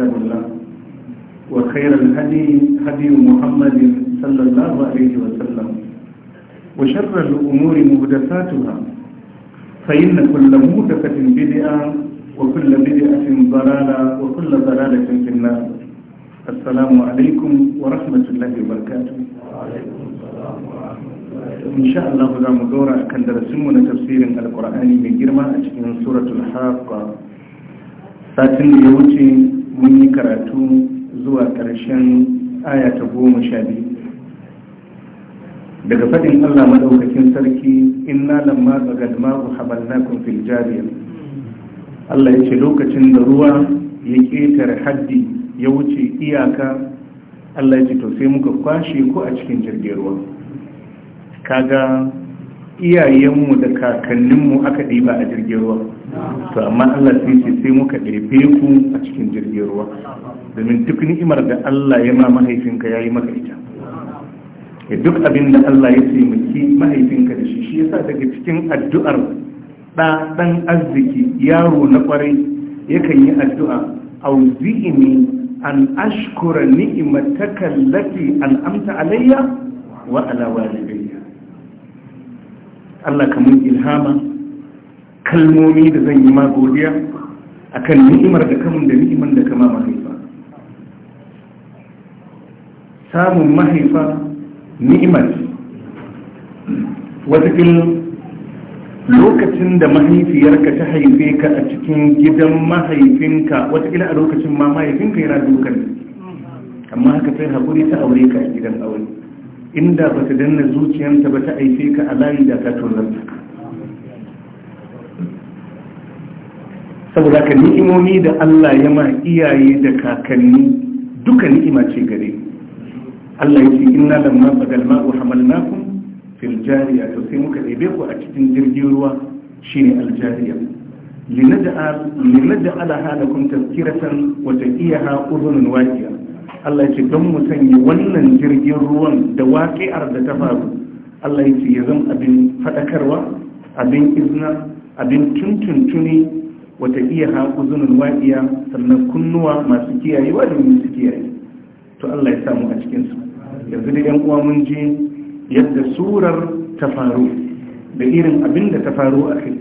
كتاب الله وخير الهدي هدي محمد صلى الله عليه وسلم وشر الأمور مهدفاتها فإن كل مهدفة بدعة وكل بدعة ضلالة وكل ضلالة في النار السلام عليكم ورحمة الله وبركاته وعليكم السلام ورحمة الله إن شاء الله ذا مدورة كان درسمنا تفسير القرآن من جرمى سورة الحاقة ساتن يوتي mun yi karatu zuwa ƙarshen aya ta goma sha biyu daga faɗin allah maɗaukakin sarki inna lamma tsagal ma'u habalnakum fil jariya allah ya ce lokacin da ruwa ya ƙetare haddi ya wuce iyaka allah ya ce to sai muka kwashe ko a cikin jirgin ruwa kaga iyayenmu da kakanninmu aka ɗiba a jirgin ruwa to amma Allah sai ce sai muka ɗebe ku a cikin jirgin ruwa domin duk ni'imar da Allah ya ma mahaifinka ya yi maka ita ya duk abin da Allah ya taimaki mahaifinka da shi shi yasa daga cikin addu'ar ɗa ɗan arziki yaro na ƙwarai yakan yi addu'a auzi'ini an ashkura ni'imataka lati an amta alayya wa ala walidai Allah ka mun ilhama kalmomi da zan yi ma godiya akan ni'imar da kamun da ni'imar da kama mahaifa samun mahaifa ni'imar watakil lokacin da mahaifiyarka ta haife ka a cikin gidan mahaifinka watakila a lokacin ma mahaifinka yana dukan amma haka sai haƙuri ta aure ka a gidan aure inda ba ta danna zuciyanta ba ta aife ka a layi da ta tozarta saboda ka ni'imomi da Allah ya ma iyaye da kakanni duka ni'ima ce gare Allah ya ce inna lamma ma wa hamalnakum fil jariya to sai muka ɗebe ku a cikin jirgin ruwa shine aljariya linada ala halakum tazkiratan wa taqiyaha udhunun waqiya Allah ya ce don mu sanya wannan jirgin ruwan da waƙi'ar da ta faru Allah ya ce ya zama abin faɗakarwa abin izina, abin tuntuntuni wata iya haƙu zunin waƙiya sannan kunnuwa masu kiyayewa domin su kiyaye to Allah ya samu a cikinsu yanzu da 'yan uwa mun je yadda surar ta faru da irin abin da ta faru a kai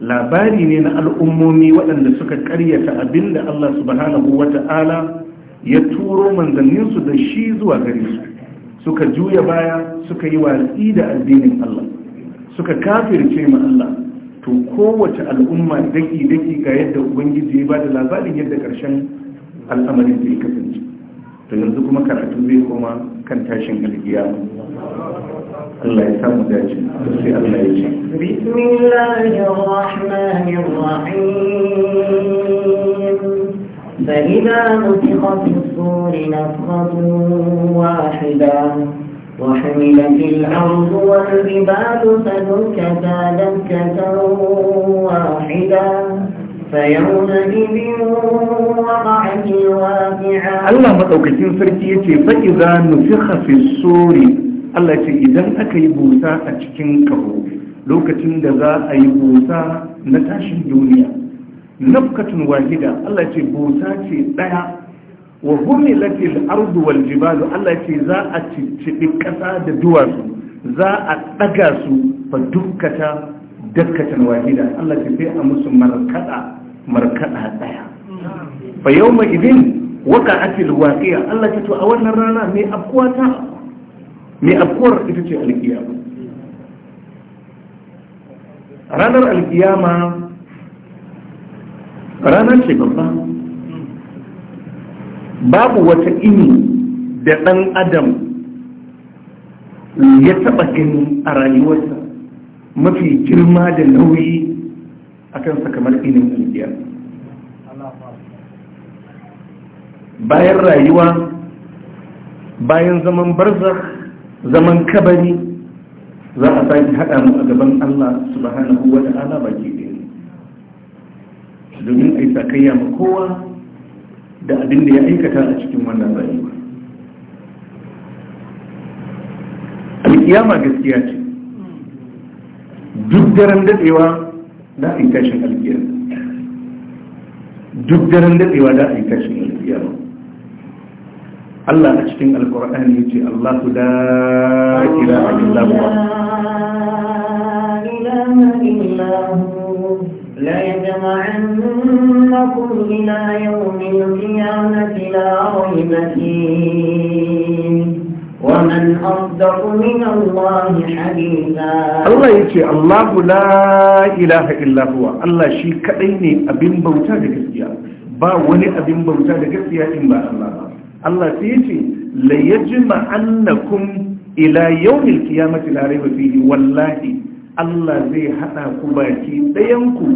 labari ne na al'ummomi waɗanda suka ƙaryata abin da Allah subhanahu wata'ala ta'ala ya turo manzanninsu da shi zuwa gare su suka juya baya suka yi watsi da addinin Allah suka kafirce ma Allah to kowace al'umma daki daki ga yadda ubangiji ya bada labarin yadda karshen al'amarin zai kasance to yanzu kuma karatu zai koma kan tashin algiya Allah ya samu dace sai Allah ya ce bismillahir rahmanir rahim فإذا نفخ في الصور نفخة واحدة وحملت الأرض والجبال فدكتا دكة واحدة Allah maɗaukakin sarki ya ce fa'iza nufika fi sori Allah ce idan aka yi busa a cikin kaho lokacin da za a yi busa na tashin duniya nafkatun wahida Allah ce bota ce daya wa humilat al-ardu wal jibalu Allah ce za a cicciɗi ƙasa da duwatsu za a daga su fa dukkata dakkatan wahida Allah ce sai a musu markada markada daya fa yawma idin waqa'at al-waqi'a Allah ce to a wannan rana me afkuwa ta me afkuwar ita ce alkiyama ranar alkiyama Ranar ce babba babu wata ini da ɗan adam ya taɓa gani a rayuwarsa mafi girma da nauyi a kansa kamar inin indiya bayan rayuwa bayan zaman barzakh zaman kabari za a sake haɗa mu a gaban allah subhanahu wa ta'ala baki ɗaya domin a yi sakayya ma kowa da abin da ya aikata a cikin wannan rayuwa alkiyama gaskiya ce duk daren daɗewa da a yi tashin alkiyama duk daren daɗewa da a yi tashin alkiyama Allah a cikin alkur'ani ya ce Allah ku da ila a illa ليجمعنكم إلى يوم القيامة لا ريب فيه ومن أصدق من الله حديثا الله يتي الله لا إله إلا هو الله شي كأيني أبين بوتا لكسيا با ولي أبين بوتا لكسيا إما الله الله سيتي ليجمعنكم إلى يوم القيامة لا ريب فيه والله Allah zai haɗa ku baki ɗayanku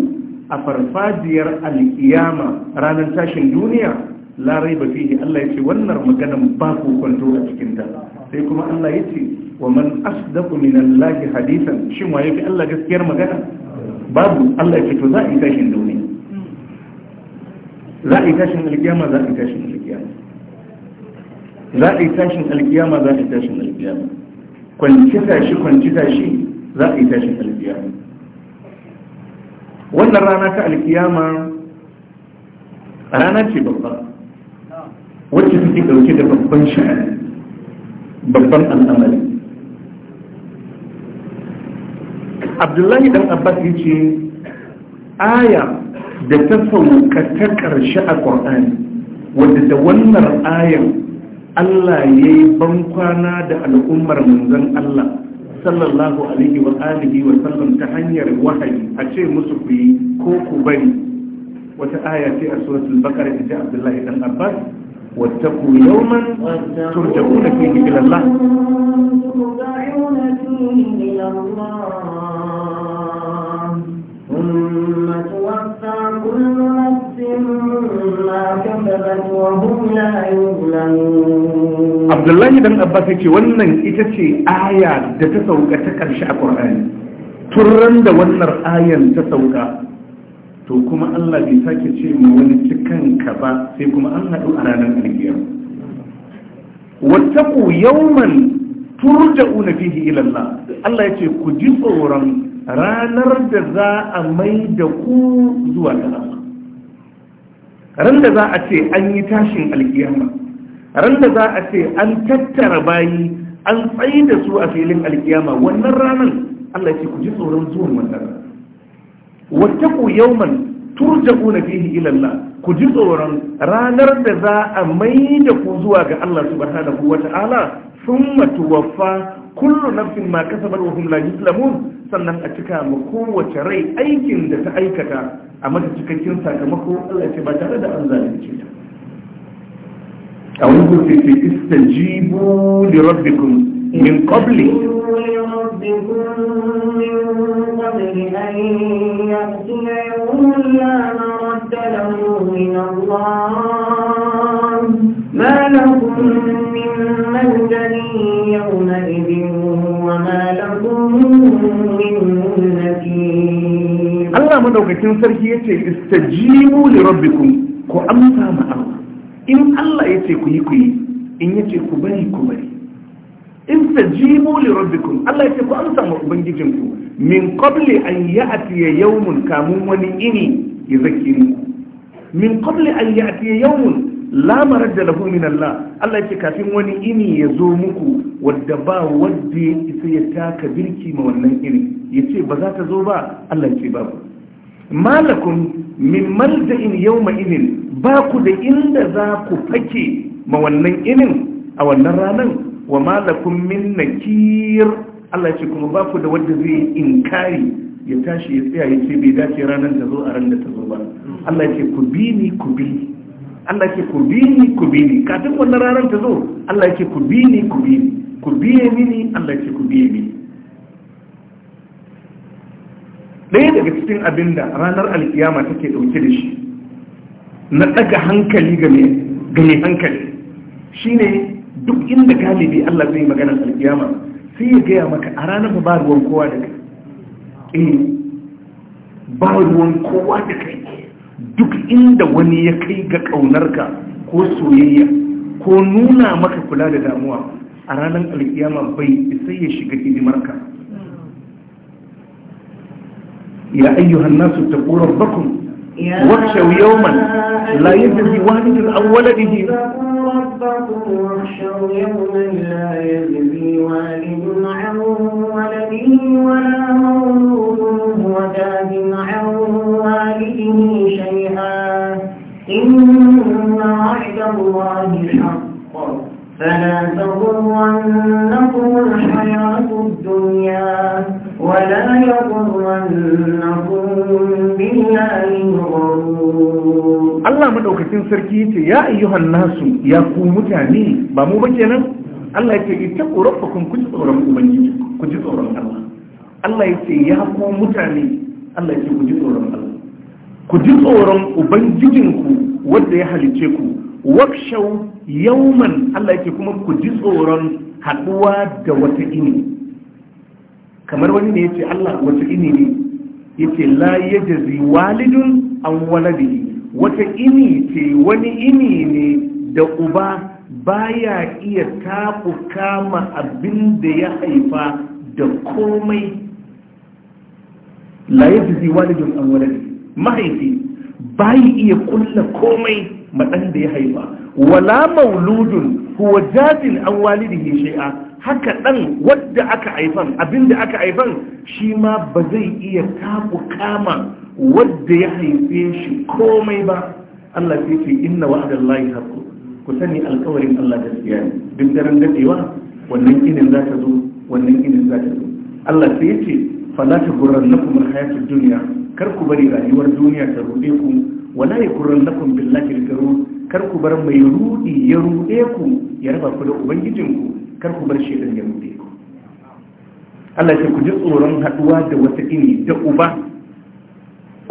a farfajiyar alkiyama ranar tashin duniya larai ba fiye Allah ya ce wannan maganan ba ku kwanto a cikinta sai kuma Allah ya ce wa man asdaqu min Allahi hadisan shin waye fi Allah gaskiyar magana babu Allah ya ce to za a yi tashin duniya za a yi tashin alkiyama za a yi tashin alkiyama za a yi tashin alkiyama za a yi tashin alkiyama kwanci tashi kwanci tashi za a yi tashin alkiyama wannan rana ta alkiyama rana ce babba wacce take dauke da babban sha'ani babban al'amari abdullahi dan abbas ya ce aya da ta sauka ta ƙarshe a ƙwar'ani wadda da wannan ayan allah ya yi bankwana da al'ummar manzon allah sallallahu alaihi wa alihi wa sallam ta hanyar wahayi a ce musu ku yi ko ku bari wata aya ce a suratul baqara ta Abdullahi dan Abbas واتقوا يوما ترجعون فيه إلى الله ثم توفى كل نفس ما كسبت وهم لا يظلمون Abdullahi dan ce wannan ita ce aya da ta sauka ta ƙarshe a ƙur'ani. Turan da wannan ayan ta sauka to kuma Allah bai sake ce ma wani cikan ka ba sai kuma an haɗu a ranar alkiyama wattaqu yawman turja'una fihi ila Allah Allah ce ku ji tsoron ranar da za a mai da ku zuwa ga ran da za a ce an yi tashin alkiyama ran da za a ce an tattara bayi an tsayi da su a filin alkiyama wannan ranar Allah ce ku ji tsoron zuwan wannan wata ku yauman na fihi ilalla ku ji tsoron ranar da za a mai da ku zuwa ga Allah subhanahu sun thumma fa. kullu nafsin ma kasabat wa hum la yuzlamun sannan a cika ma kowace rai aikin da ta aikata a mata cikakken sakamako Allah ce ba tare da an zalunce ta a wani kurfi ce istajibu li rabbikum min qabli ما لكم أما الذين يومئذ وما لهم من sarki الله مدوكتين سرحية استجيبوا لربكم ku amsa ma Allah in Allah ya ce ku yi ku yi in ya ce ku bari ku bari in tajibu li rabbikum Allah ya ce ku amsa ma ubangijin ku min qabli an ya'ti yawmun kamun wani ini ya zake muku min qabli an ya'ti yawmun lamarar da lahu min Allah Allah yake kafin wani ini ya zo muku wadda ba wadda ya ya taka birki ma wannan ini yace ba za ta zo ba Allah yake babu malakum min malda'in yawma idin ba ku da inda za ku fake ma wannan inin a wannan ranar wa malakum min nakir Allah yake kuma ba ku da wanda zai inkari ya tashi ya tsaya ya bai dace ranar ta zo a ran da ta zo ba Allah ce ku bi ku bi Allah ke ku bi ni ku bi ni kafin wannan ranar ta zo Allah ke ku bi ni ku bi ni ku biye mini Allah ke ku biye mini ɗaya daga cikin abin da ranar alkiyama take ɗauke da shi na ɗaga hankali ga mai hankali shine duk inda galibi Allah zai magana alkiyama sai ya gaya maka a ranar ba ruwan kowa da kai eh ba ruwan kowa da kai duk inda wani ya kai ga ƙaunarka ko soyayya ko nuna maka kula da damuwa a ranar alkiyama bai isa ya shiga hidimarka ya ayyuhan nasu taqu rabbakum واخشوا يوما لا يجزي والد عن ولده ربكم واخشوا يوما لا يجزي والد عن ولده ولا مولد فلا تغرنكم الحياة الدنيا ولا يغرنكم بالله Allah madaukakin sarki ce ya yi nasu ya ku mutane ba mu ba kenan Allah yake ittaqu rabbakum kun ji tsoron ubangiji ku ji tsoron Allah Allah ce ya ku mutane Allah ce ku ji tsoron Allah ku ji tsoron ubangijinku wanda ya halice ku wakshau yauman Allah yake kuma ku ji tsoron haɗuwa da wata ini kamar wani ne yace Allah wata ini ne yace la yajzi walidun an waladi wata ini ce wani ini ne da uba baya iya taku kama abin da ya haifa da komai la yajzi walidun an waladi mahaifi bai iya kulla komai maɗan da ya haifa wala mauludun huwa jazin an walidihi shay'a haka ɗan wadda aka haifan abinda aka haifan shi ma ba zai iya taku kama wadda ya haife shi komai ba Allah sai ce inna wa'adallahi haqqu ku sani alƙawarin Allah gaskiya ne duk daren dadewa wannan inin za ta zo wannan inin za ta zo Allah sai ya ce fala ta gurrannakum alhayatud dunya kar ku bari rayuwar duniya ta rude ku wala yakurrannakum billahi al kar ku bar mai rudi ya rude ku ya raba ku da ku? kar ku bar shedan ya rude ku Allah ya ku ji tsoron haduwa da wata ini da uba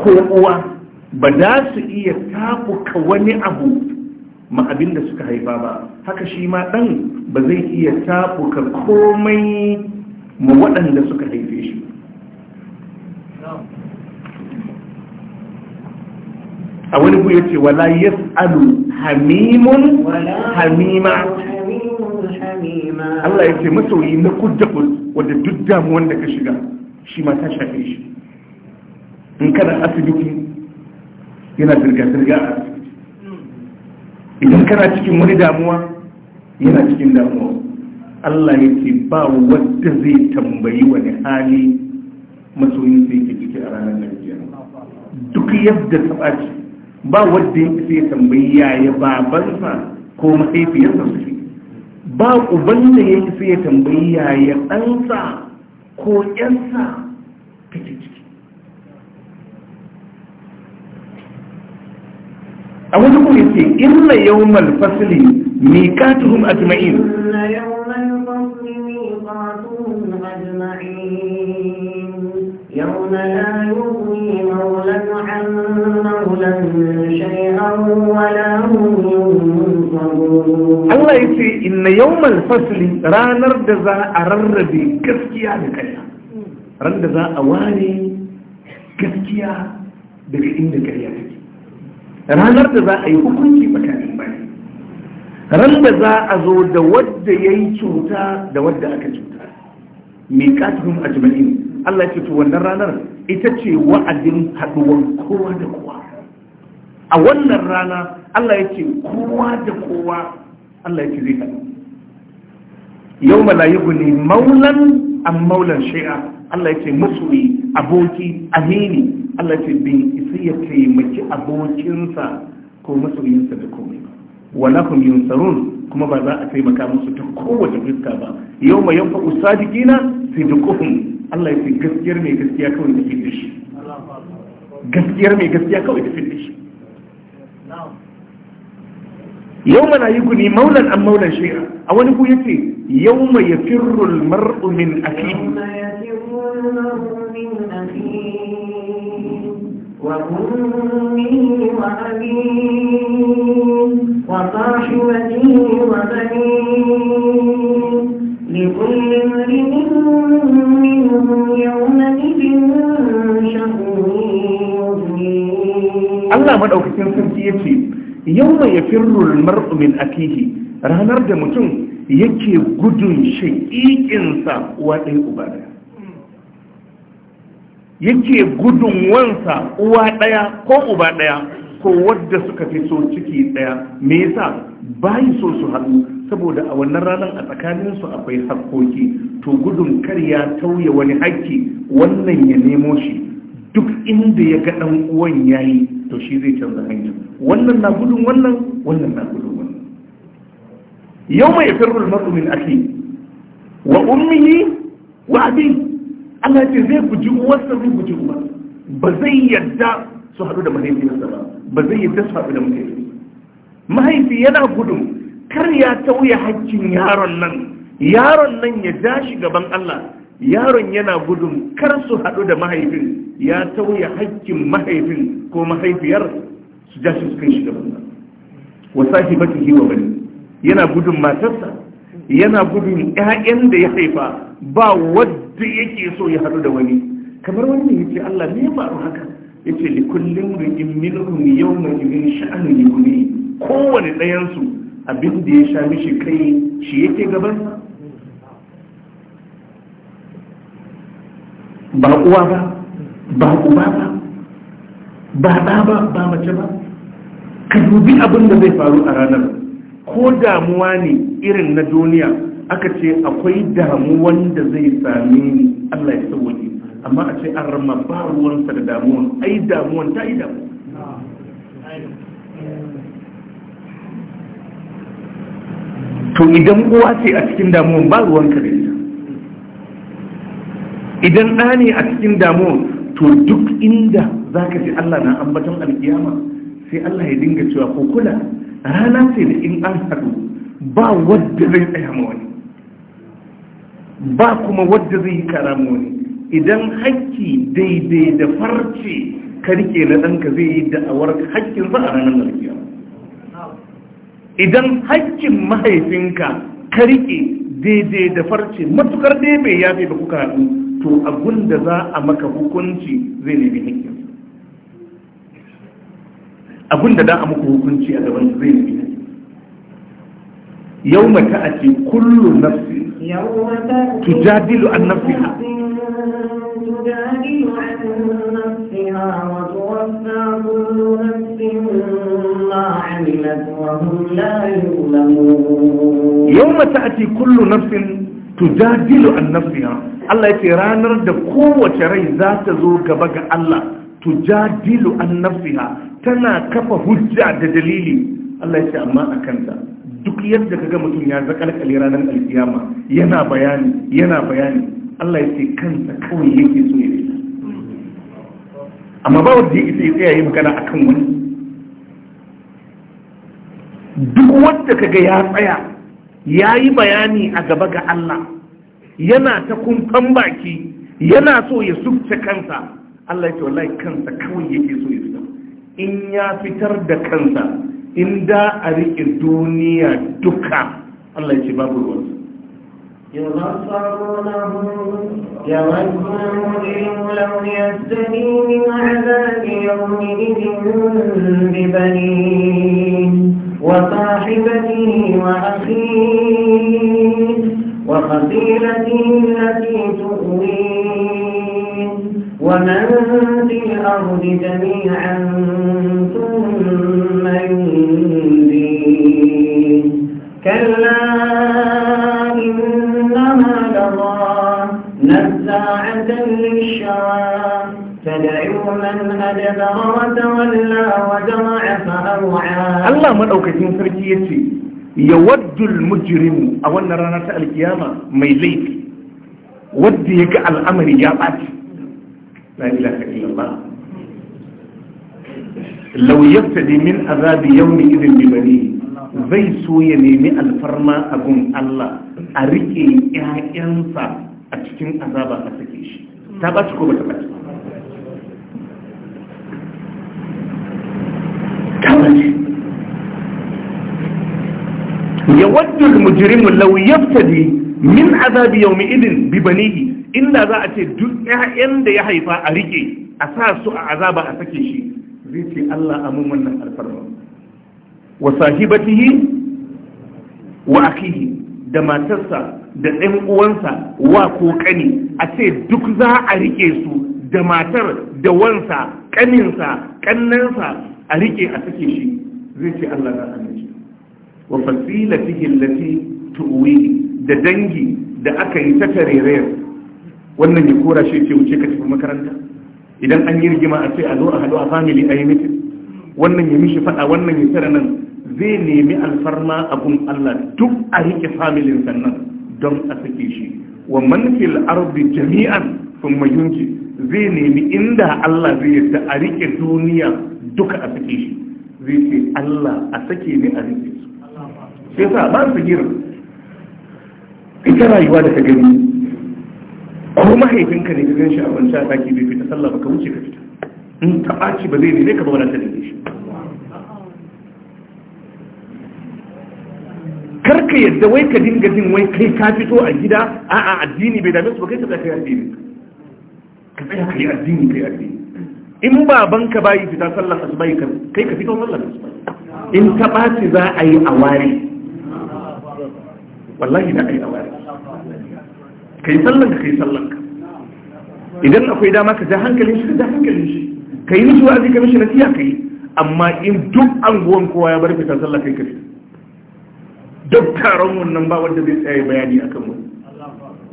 ko uwa ba za su iya tafuka wani abu ma abin da suka haifa ba haka shi ma dan ba zai iya tafuka komai ma waɗanda suka haife shi a wani ku yace wala yas'alu hamimun hamima Allah yace masoyi na kuddabus wanda duk damuwan da ka shiga shi ma ta shafe shi in kana asibiti yana zirga-zirga a asibiti idan kana cikin wani damuwa yana cikin damuwa Allah yace ba wanda zai tambayi wani hali masoyin sai yake ciki a ranar Najeriya duk yadda ta ɓaci ba wadda ya tambayi yaya babansa ko mahaifiyarsa suke ba uban da ya isa ya tambayi yaya ɗansa ko ƴansa take ciki a wani kuma ce inna yawmal fasli miqatuhum ajma'in inna yawmal fasli miqatuhum ajma'in يوم لا يغني مولا عن مولا شيئا ولا هم ينصرون الله يسي إن يوم الفصل رانر دزا أرربي كسكيا لكريا ran da za a ware gaskiya daga inda karya take ranar da za a yi hukunci tsakanin bayan ran da za a zo da wadda ya yi cuta da wadda aka cuta mai katihun ajma'in Allah ya ce to wannan ranar ita ce wa'adin haɗuwar kowa da kowa a wannan rana Allah ya ce kowa da kowa Allah ya ce zai haɗu yau mala ne maulan an maulan shi'a Allah ya ce masoyi aboki amini Allah ya ce bin isa ya taimaki abokinsa ko masoyinsa da komai wala kum yunsarun kuma ba za a taimaka musu ta kowace fuska ba yau ma yanfa usadikina sidquhum الله يسي قسير مي قسيا كو يدفنش قسير مي قسيا كو يدفنش يوم لا يغني مولا ام مولا شيئا اول هو يتي يوم يفر المرء من اخيه يوم وابيه وصاحبته وبنيه Allah maɗaukacin sarki ya ce yau mai ya firru mar'u min akihi ranar da mutum yake gudun shaƙiƙinsa uwa ɗaya uba ɗaya yake gudun wansa uwa ɗaya ko uba ɗaya ko wadda suka fi so ciki ɗaya me yasa bayi so su haɗu saboda a wannan ranar a tsakaninsu akwai hakkoki to gudun kar ya tauye wani hakki wannan ya nemo shi duk inda ya ga ɗan uwan ya yi to shi zai canza hanya wannan na gudun wannan wannan na gudun wannan yau mai firrul mar'u min akhi wa ummihi wa abi Allah ce zai guji uwarsa zai guji uwa ba zai yadda su haɗu da mahaifiyarsa ba ba zai yadda su haɗu da mahaifiyarsa mahaifi yana gudu kar ya tauye haƙƙin yaron nan yaron nan ya ja shi gaban Allah yaron yana gudun kar su haɗu da mahaifin ya tauye haƙƙin mahaifin ko mahaifiyar su ja shi su kai shi gaban Allah wa sahibatihi wa bani yana gudun matarsa yana gudun ƴaƴan da ya haifa ba wanda yake so ya haɗu da wani kamar wanda yake Allah ne ya faru haka yace likullin ri'in minhum yawma idin sha'anu yughni kowane ɗayansu abin da ya sha mishi kai shi yake gaban ba uwa ba ba uba ba ba ɗa ba ba mace ba ka dubi abin da zai faru a ranar ko damuwa ne irin na duniya aka ce akwai damuwan da zai same ni allah ya sauwaki amma a ce an rama ba ruwansa da damuwan ai damuwan ta yi damuwa to idan uwa ce a cikin damuwan ba ruwan ka idan ɗa ne a cikin damuwan to duk inda za ka ji Allah na ambaton alkiyama sai Allah ya dinga cewa ko kula rana ce da in an haɗu ba wadda zai tsaya ma wani ba kuma wadda zai yi kara ma wani idan hakki daidai da farce ka rike na ɗanka zai yi da'awar haƙƙin a ranar alkiyama idan hakkin mahaifinka ka riƙe daidai da farce matukar ne mai yafe da kuka haɗu to abun da za a maka hukunci zai nemi hakkin abun da za a maka hukunci a gaban zai nemi hakkin yau mata a ce kullu nafsi jadilu an nafsiha ha an عملت وهم لا يظلمون يوم تأتي كل نفس تجادل عن نفسها الله rai za ta قوة رأي ذات Allah بقى الله تجادل عن نفسها تنا كفا هجع Allah دليلي الله amma a أكنتا duk yadda kaga mutum ya zakalkale ranar alkiyama yana bayani yana bayani Allah ya ce kansa kawai yake so ya amma ba wanda ya isa ya tsaya yi magana akan wani duk wanda kaga ya tsaya ya yi bayani a gaba ga Allah yana ta kumfan baki yana so ya sukce kansa Allah ya ce wallahi kansa kawai yake so ya fita in ya fitar da kansa in da a riƙe duniya duka Allah ya ce babu ruwansa يبصر يود المجرم لو يفتدي من يومئذ ببنيه وصاحبته وأخيه وخطيلته التي تؤويه ومن في الأرض جميعا Allah maɗaukacin sarki ya ce, Ya waddul mujirimu a wannan ranar ta alkiyama mai laifi, wadda ya ga al'amari ya ɓaci. La ilaha illallah. Lau yaftadi min azabi yawmi idin bibani zai so ya nemi alfarma a gun Allah a riƙe ‘ya'yansa a cikin azaba a sake shi. Ta ɓaci ko ba ta ɓaci ba. tabbaci ya waddul mujrimu law min azabi yaumi idin bi banihi inda za a ce duk ƴaƴan da ya haifa a rike a sa su a azaba a sake shi zai ce Allah amin wannan alfarma wa sahibatihi wa akihi da matarsa da ɗan uwansa wa ko kani a ce duk za a rike su da matar da wansa kaninsa kannansa a rike a sake shi zai ce Allah na hana shi wa fasilatihi allati tuwi da dangi da aka yi ta tarerayar wannan ya kora shi ce wuce ka tafi makaranta idan an yi rigima a ce a zo a hadu a family a yi mitin wannan ya mishi fada wannan ya tara nan zai nemi alfarma abun Allah duk a rike familin sannan don a sake shi wa man fil ardi jami'an thumma yunji zai nemi inda Allah zai yarda a rike duniya duka a suke shi zai ce Allah a sake ne a rike su sai sa ba su gira ita rayuwa da ka gani ko mahaifinka ne ka gan shi a wancan a ɗaki bai fita sallah ba ka wuce ka fita in ka ɓaci ba zai ne ka ba wadatar da shi karka yadda wai ka dinga jin wai kai ka fito a gida a addini bai dame su ba kai ka tsaya kai addini ka tsaya yi addini kai addini in babanka bayi fita sallar asubai kai ka fito sallar asubai in ta ɓaci za a yi a ware wallahi da a yi a ware kai sallanka kai sallanka idan akwai dama ka ja hankalin shi ka ja hankalin shi ka yi mishi wa'azi ka mishi nasiha ka yi amma in duk anguwan kowa ya bar fitar sallah kai ka fita duk taron wannan ba wanda zai tsaye bayani akan wani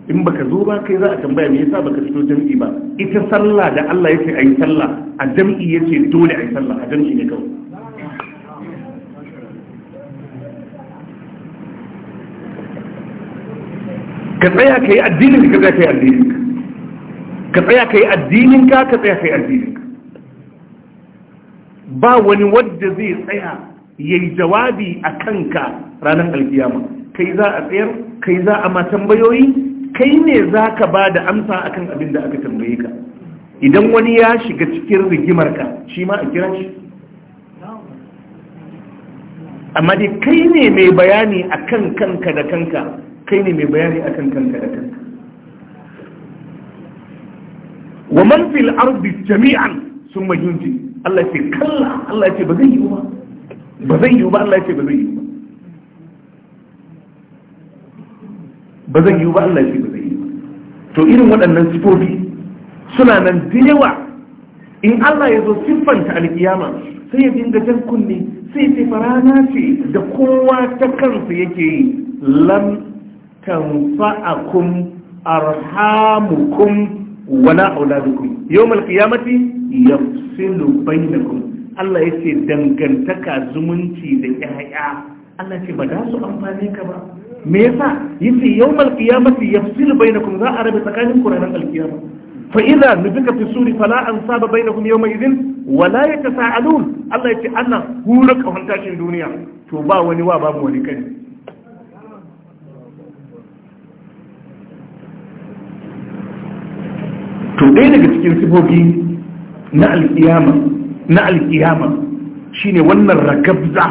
in baka zo ba kai za a tambaya me yasa baka fito jam'i ba ita sallah da Allah yake ayi sallah a jam'i yake dole ayi sallah a jam'i ne kawai ka tsaya ka yi addinin ka tsaya ka yi addinin ka tsaya ka yi addinin ka ka tsaya ka yi addinin ba wani wadda zai tsaya ya yi jawabi a kanka ranar alkiyama kai za a tsayar kai za a ma tambayoyi kai ne za ka ba da amsa akan abin da aka tambaye ka idan wani ya shiga cikin rigimarka shi ma a kira shi amma dai kai ne mai bayani akan kanka da kanka kai ne mai bayani akan kanka da kanka wa man fil ardi jami'an sun majunji Allah ce kalla Allah ce ba zai yi ba ba zai yi ba Allah ce ba zai yi ba ba zan yiwu ba Allah shi ba zai yi to irin waɗannan sifofi suna nan da yawa in Allah ya zo siffanta alkiyama sai ya dinga jan kunne sai ce farana ce da kowa ta kansa yake yi lam tanfa'akum arhamukum wala auladukum yawmal qiyamati yafsilu bainakum Allah ya dangantaka zumunci da ƴaƴa Allah ce ba za su amfane ka ba me yasa yace yawmal qiyamati yafsilu bainakum za a rabe tsakanin ku ranar alkiyama fa idza nufika fi suri fala ansaba bainakum yawma idhin wala yatasaalun Allah yace Allah hura kafan tashin duniya to ba wani wa babu wani kai to ɗaya daga cikin sifofi na alkiyama na alkiyama shine wannan ragabza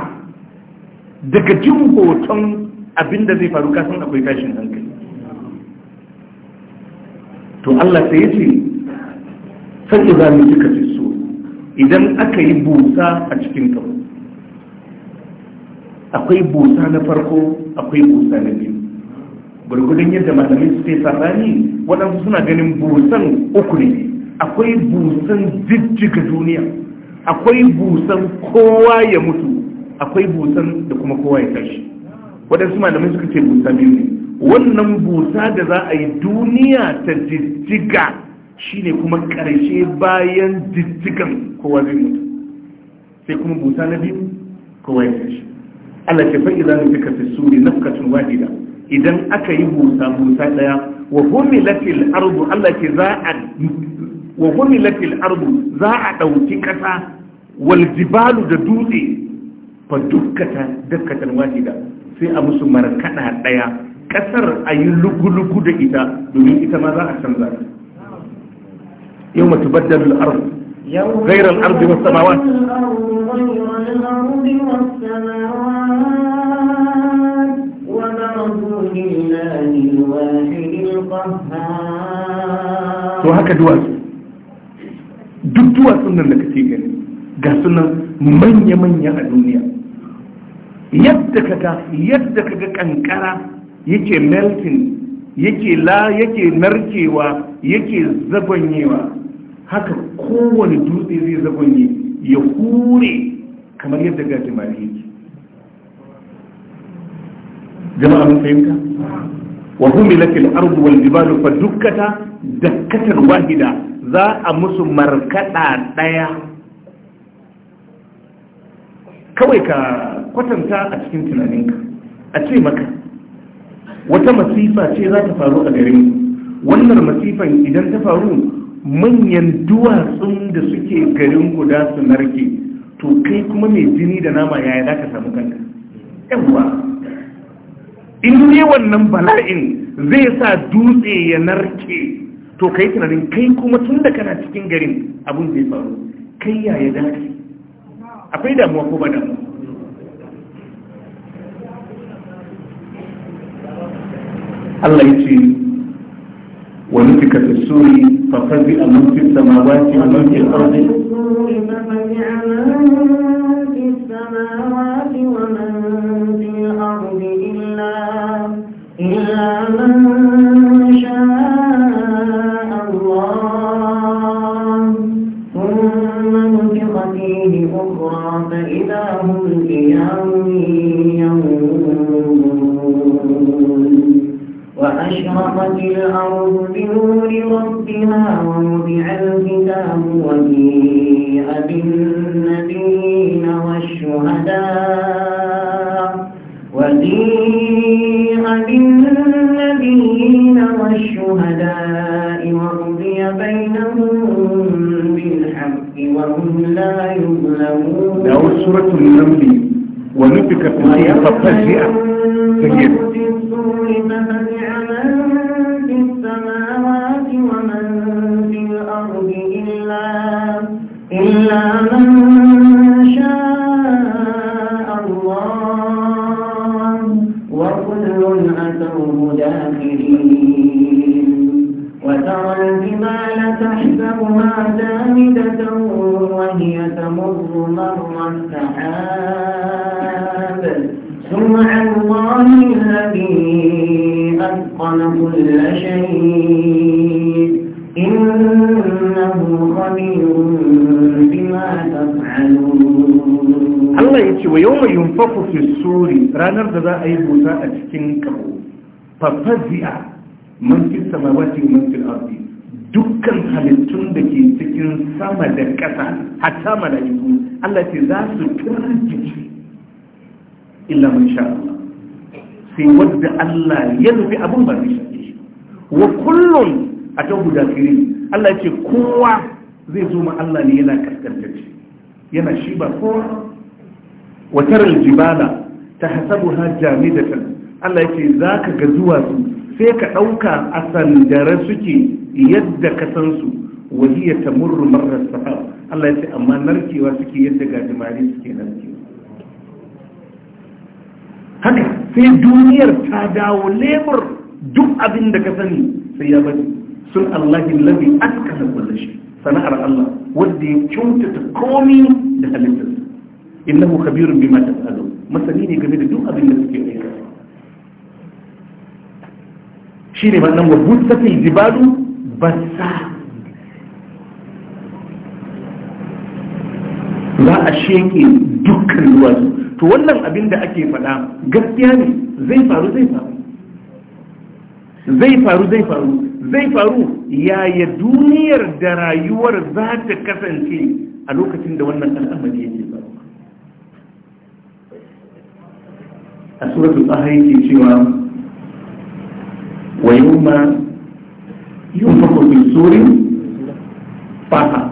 daga jin hoton abinda zai faru kasan akwai tashin hankali to Allah sai ya ce sai za mu kika fi so idan aka yi busa a cikin ka akwai busa na farko akwai busa na biyu gurgudun yadda malamai su ke sabani waɗansu suna ganin busan uku ne akwai busan jijjiga duniya akwai busan kowa ya mutu akwai busan da kuma kowa ya tashi waɗansu malamai suka ce busa biyu ne wannan busa da za a yi duniya ta jijjiga shine kuma ƙarshe bayan jijjigan kowa zai mutu sai kuma busa na biyu kowa ya tashi Allah ce fa idan fika fi suri nafkatun wahida idan aka yi busa busa ɗaya, wa humilatil ardu Allah ce za a wa humilatil ardu za a dauki kasa wal jibalu da dutse fa dukkata dakkatan wahida sai a musu markada daya kasar a yi lugu-lugu da ita domin ita ma za a canza ta yau mata baddar al'arzu غير الأرض والسماوات to haka duwatsu duk duwatsun nan da kake gani ga sunan manya-manya a duniya yadda ta yadda kaga kankara yake melting yake la yake narkewa yake zagonyewa haka kowane dutse zai zagonye ya hure kamar yadda gajimare yake jama'a mun fahimta wa lakil ardu wal jibalu fa dukkata dakkatan wahida za a musu markada daya kawai ka kwatanta a cikin tunaninka a ce maka wata masifa ce za ta faru a garin wannan masifan idan ta faru manyan duwatsun da suke garin guda su narke to kai kuma mai jini da nama yaya za ka samu kanka yawwa in ne wannan bala'in zai sa dutse ya narke to kai tunanin kai kuma tun da kana cikin garin abin zai faru kai yaya za ka akwai damuwa ko ba damuwa Allah ya ce wa nutika fi suri fa fazi a mulkin samawati wa fafazi'a man fi samawati wa ardi dukkan halittun da ke cikin sama da ƙasa hatta malaiku Allah ce za su turjiki illa mun sha sai wadda Allah ya nufi abun ba zai shafe wa kullun a ta guda kiri Allah ce kowa zai zo ma Allah ne yana kaskantacce yana shi ba kowa wa tarar jibala ta hasabu ha jami da Allah ce za ka ga duwatsu sai ka ɗauka a sandare suke yadda ka san su wahiyar ta murru marar sahar Allah ce amma narkewa suke yadda gajimare suke narkewa haka sai duniyar ta dawo lemur duk abin da ka sani sai ya bari sun Allahi labi askana kulle shi sana'ar Allah wadda ya ta komi da halittarsa innahu khabirun bima tas'alu masani ne game da duk abin da suke aikata shi ne wannan wabu safin ba basa za a sheke dukkan duwatsu to wannan abin da ake faɗa gaskiya ne zai faru zai faru zai faru zai faru zai faru yaya duniyar da rayuwar za ta kasance a lokacin da wannan al'amari yake faru a suratul tsaha yake cewa ويوم ينفق في سور طه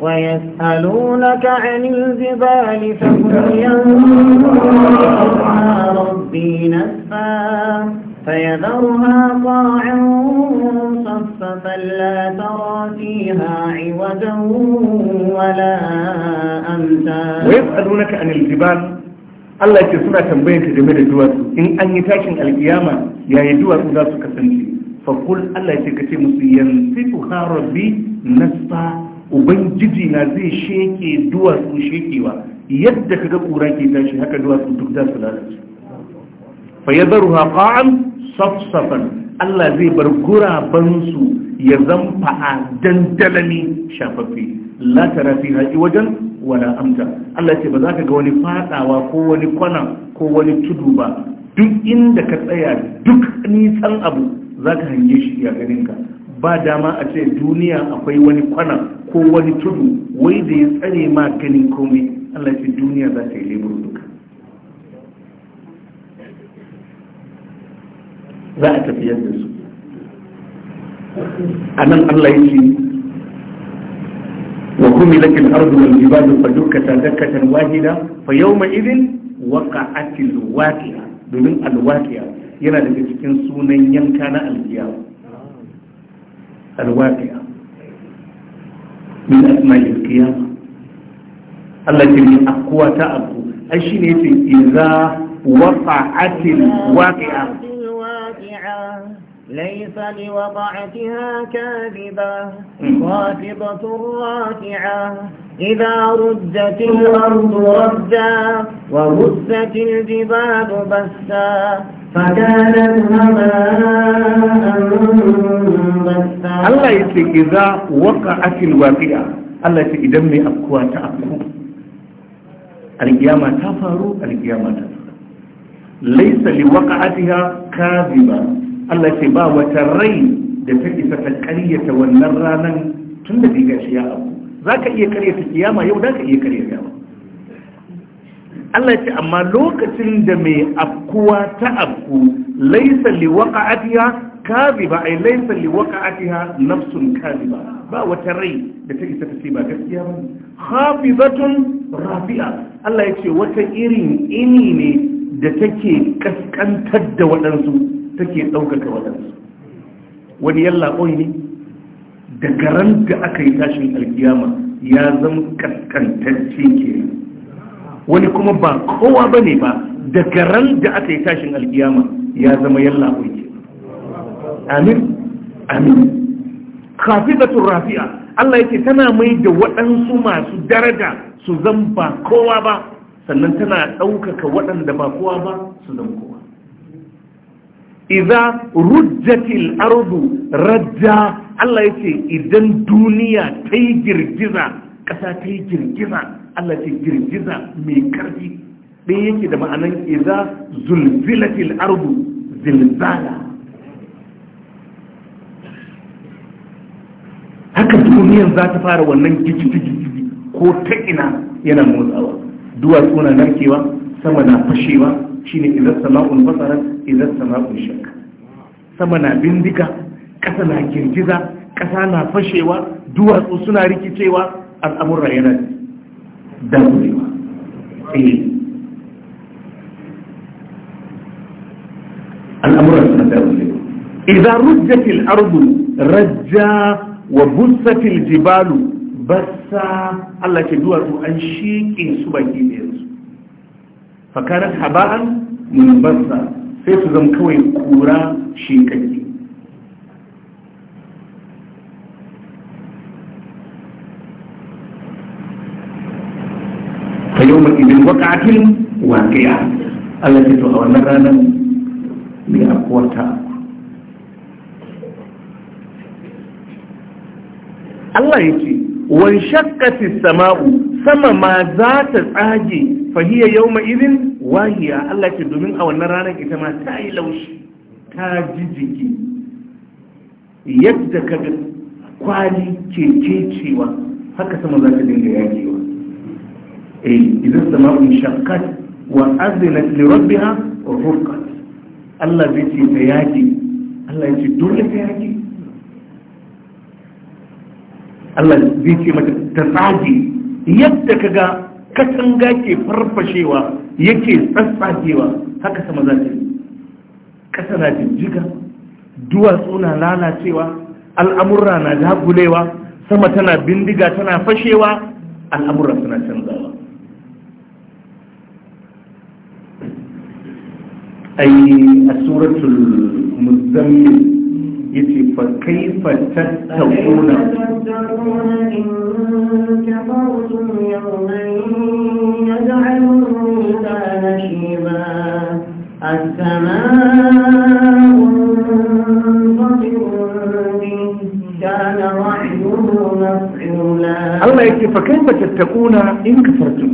ويسألونك عن الجبال فقل ينفعها ربي نسفا فيذرها طاعا صففا لا ترى فيها عوجا ولا أمتا ويسألونك عن الجبال Allah ce suna tambayar ta game da duwatsu in an yi tashin alkiyama yayi duwatsu za su kasance fa kul Allah ce musu yanzu ha na nasfa ubangiji na zai sheke duwatsu shekewa yadda kaga kura ke tashi haka duwatsu duk za su lalace fa yadruha qa'an safsafan Allah zai bar guraban su ya zamfa a dandalami shafaffe la tara fiha wajen wala amta Allah ce ba za ka ga wani fadawa ko wani kwana ko wani tudu ba duk inda ka tsaya duk nisan abu za ka hange shi ya ganin ka ba dama a ce duniya akwai wani kwana ko wani tudu wai da ya tsare ma ganin komai Allah ce duniya za ta yi lebur duka za a tafiyar da su a nan Allah ya ce وحملت الأرض والجبال فدكتا دكة واحدة فيومئذ وقعت الواقعة domin alwaƙiya yana daga cikin sunan yanka na alkiyawa alwaƙiya min asma'il kiyama Allah ce ne akuwa abu ai ليس لوقعتها كاذبة خافضة رافعة إذا رجت الأرض رجا ورست الجبال بسا فكانت هباء بسا الله يسي إذا وقعت الواقعة الله يسي إذا أقوى تأقوى القيامة تفارو القيامة تفارو ليس لوقعتها كاذبة Allah ce ba wata rai da ta isa ta karyata wannan ranar tun da bai gashi ya abu za ka iya karyata kiyama yau za ka iya karyata ba Allah ce amma lokacin da mai afkuwa ta afku laisa liwaka atiya kaziba ai laisa liwaka atiya nafsun kaziba ba wata rai da ta isa ta ce ba gaskiya ba Hafi zaton, rafi'a Allah ya ce wata irin ini ne da take kaskantar da waɗansu take ɗaukaka waɗansu wani yalla ne da garan da aka yi tashin alkiyama ya zama kaskantacce ke wani kuma ba kowa ba ne ba da garan da aka yi tashin alkiyama ya zama yalla ƙoyi ke amin amin kafidatun rafi'a Allah yake tana mai da waɗansu masu daraja su zama ba kowa ba sannan tana ɗaukaka waɗanda ba kowa ba su zama kowa Iza rujjatil ardu rajja Allah yace idan duniya ta yi girgiza ƙasa ta yi girgiza Allah ce girgiza mai karfi ɗaya yake da ma'anan iza zulzilatil ardu zilzala haka duniyan za ta fara wannan gici ko ta ina yana motsawa duwatsu na narkewa sama na fashewa shine idan sama'un basarar idan sama'un shakka sama na bindiga ƙasa na girgiza ƙasa na fashewa duwatsu suna rikicewa al'amurra yana damurewa eh. al'amurra suna damurewa idan rujjatil ardu rajja wa bussatil jibalu bassa Allah duwatsu an su baki ɗaya فكانت حباء من منبثة سيت كوي كورا شيكتي فيوم إذن وقعت الواقعة التي تغوانا رانا لأقوتها الله يجيب wan shakkati sama'u sama ma za ta tsage fahiya yau izin wahiya Allah ke domin a wannan ranar ita ma ta yi laushi ta ji jiki yadda ka kwali ke cewa haka sama za ta dinga yakewa eh idan sama'u shakkat wa azinat li rabbiha wa hurqat Allah zai ce ta yaki Allah ya ce dole ta yaki Allah zai ce mata ta tsage yadda ka ga katanga ke farfashewa yake tsatsagewa haka sama za ta yi ƙasa na jijjiga duwatsu na lalacewa al'amurra na dagulewa sama tana bindiga tana fashewa al'amurra suna canzawa ai a suratul muzammil yace fa kaifa tattaquna السماء Allah yake fa kai tattakuna in kafartum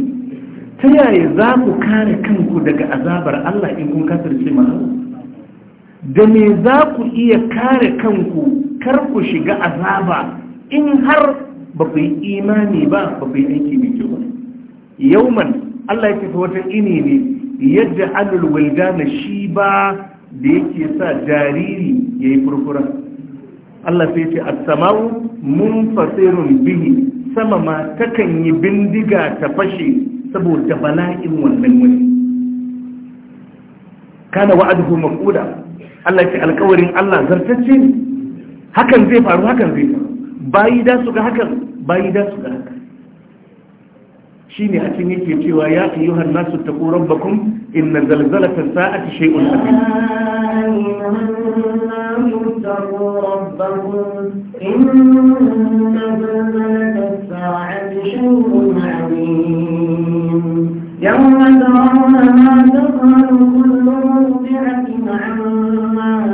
ta yaya za ku kare kanku daga azabar Allah in kun kasance ma da me za ku iya kare kanku kar ku shiga azaba in har ba ku yi imani ba ba ku yi aiki mai kyau ba yauman Allah ya fi wata ini ne yadda alul waldana shi ba da yake sa jariri ya yi furfura Allah sai ce samawu mun munfasirun bihi sama ma takan yi bindiga ta fashe saboda bala'in wannan wani kana wa'aduhu maf'ula Allah ce alkawarin Allah zartacce ne hakan zai faru hakan zai faru bayi da su ga hakan bayi da su ga hakan shi ne a cikin yake cewa ya ayyuhan nasu taqu rabbakum inna zalzalata sa'ati shay'un azim inna zalzalata sa'ati shay'un azim يوم ترون ما تفعل كل مرضعة عما